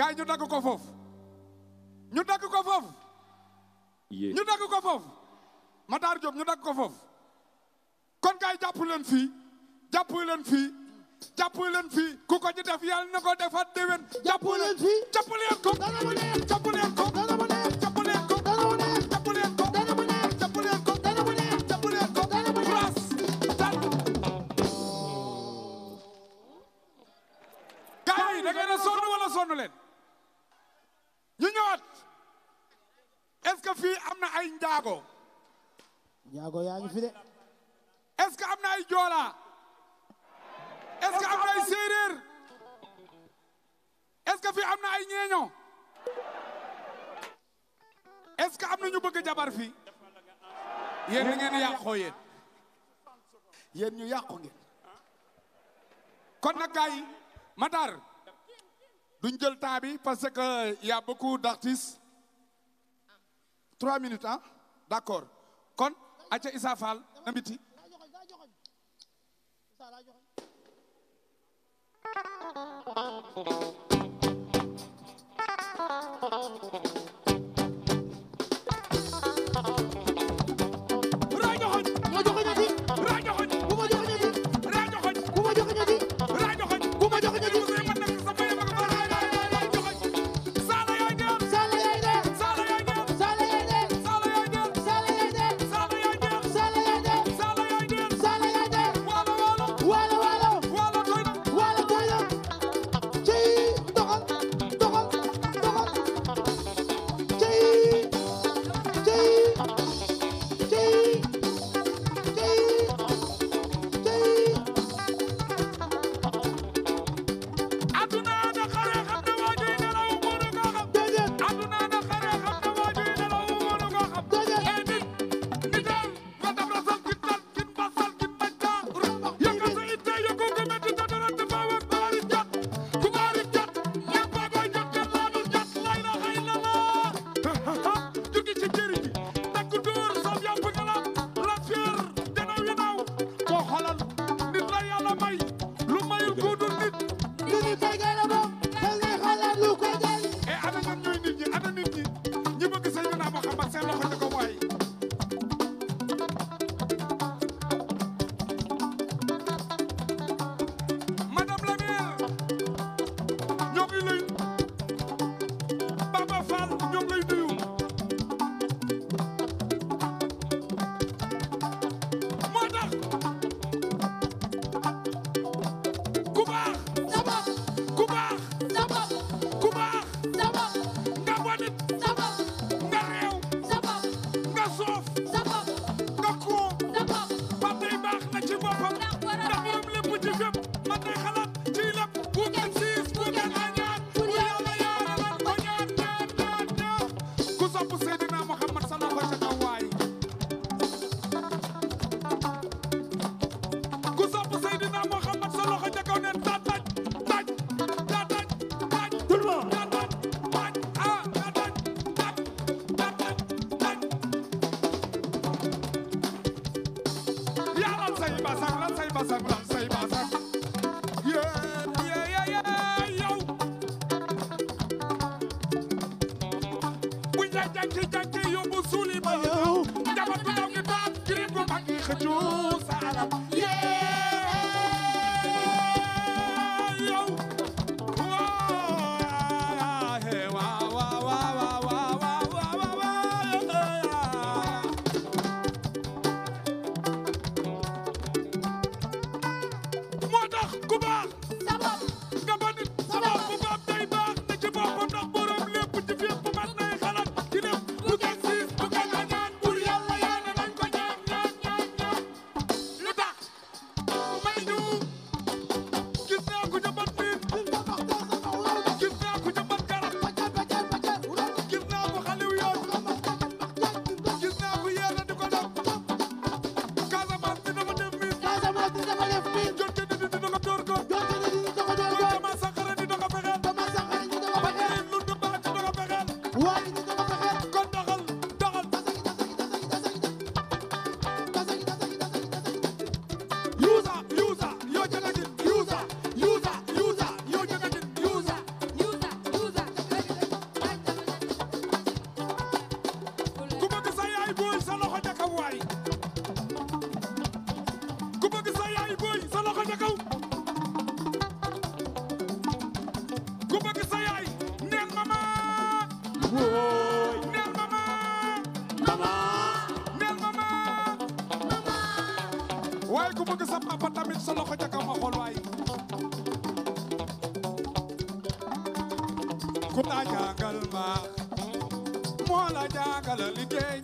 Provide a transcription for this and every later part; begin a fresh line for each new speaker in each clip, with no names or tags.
gars ñu dagg ko foofu ñu dagg ko foofu ñu dagg ko foofu Matar Diop ñu dagg ko foofu kon gars yi jàpp leen fii jàpp leen fii jàpp leen fii ku ko ñu def yàlla na ko defaat déwén jàpp leen fii jàpp leen ko jàpp leen ko da ngeen a sonn wala sonn ñu ñëwaat est que fii am na ay njaago njaago yaa ngi fi de est-ce que am na ay joola est-ce que am na ay séeréer est que fii am na ay ñeeño est-ce que am na ñu bëgg jabar fii yéen ni ngeen yàqoo yéen yéen ñu yàqu ngeen kon nag gars yi tabi parce qu'il euh, y a beaucoup d'artistes trois minutes hein d'accord kon Aïcha Isafal, Fall petit. حقي خجوز على bëgg sa papa tamit sa loxo ca kaw ma xool waay ku la jàngal a moo la a liggéey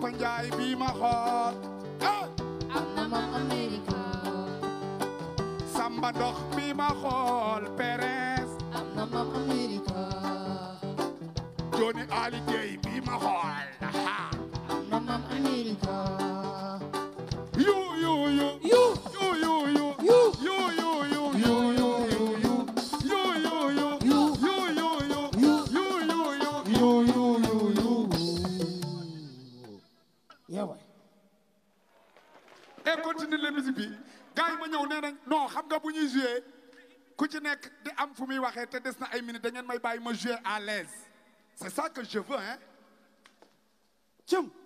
Papa Njaay bii ma xool am na ma Amerika Samba Dox bii ma xool Perez am na ma Amerika Johnny Ali Gueye bii ma xool am na ma Amerika ma né nak non xam nga bu ñuy si ku ci nek di am fu muy waxee te dess na ay minute da ngeen may ma à l'aise c'est ça que je veux hein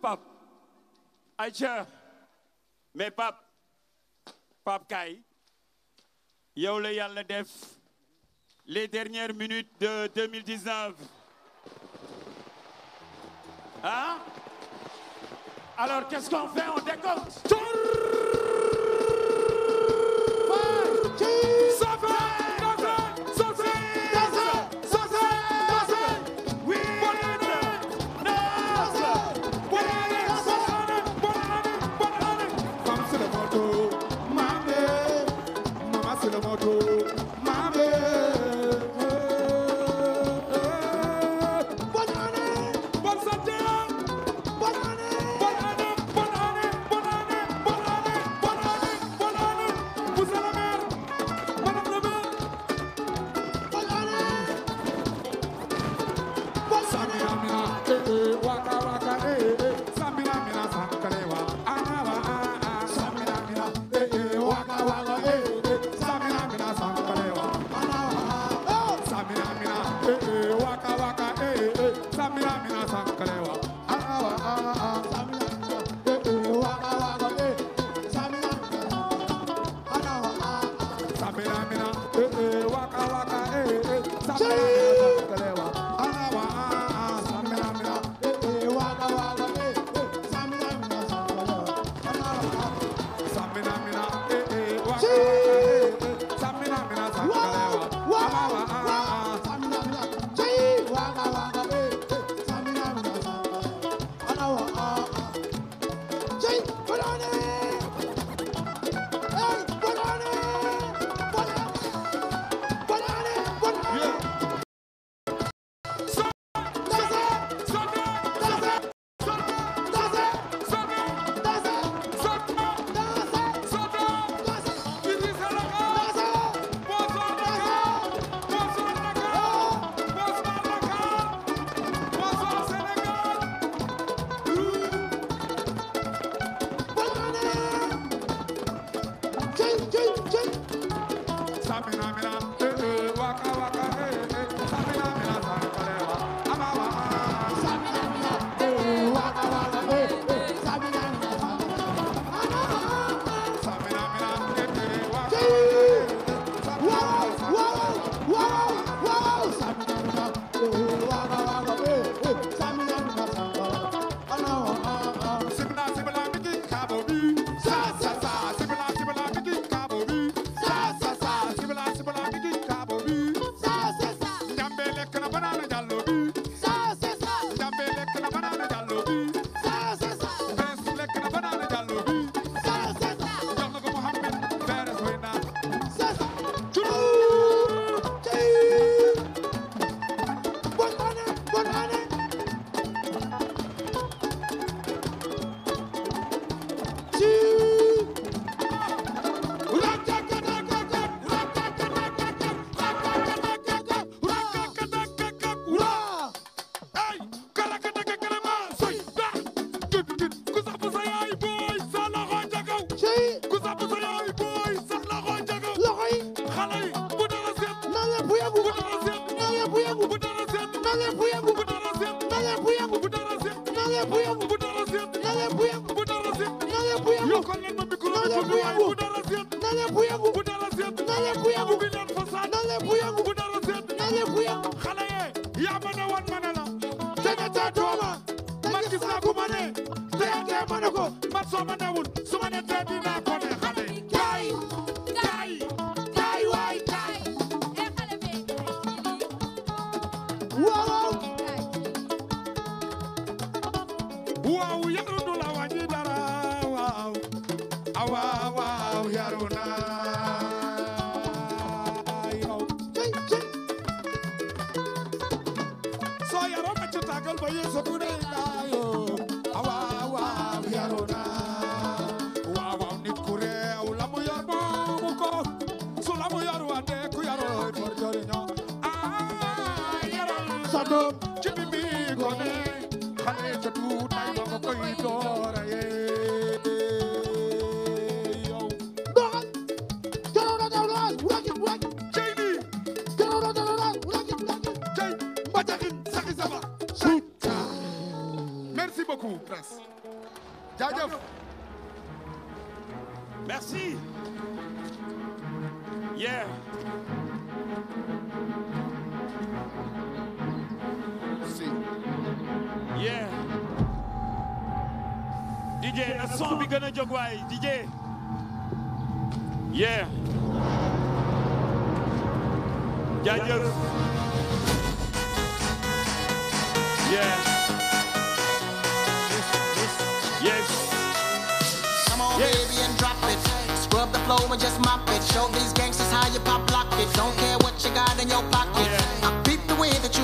pap ay mais pap pap kay yow le yalla def les dernières minutes de 2019 Hein? alors qu'est-ce qu'on fait on décompte Two. Jesus. ne taatoo la ma gis naa ku ma ne teete ma ne ko man soo ma newul su ma ne tee dinaa ko ne xale kaay kaay kaay waay kaay waaw waaw yaru du la wàññi dara waaw waaw waaw yaru naa yow soo yaroo la que el país se pone jaajëf merci yeah si yeah DJ na son bi gën a jóg waay DJ yeah jaajëf yeah flow and just mop it. Show these gangsters how you pop lock it. Don't care what you got in your pocket. Oh, I beat the way that you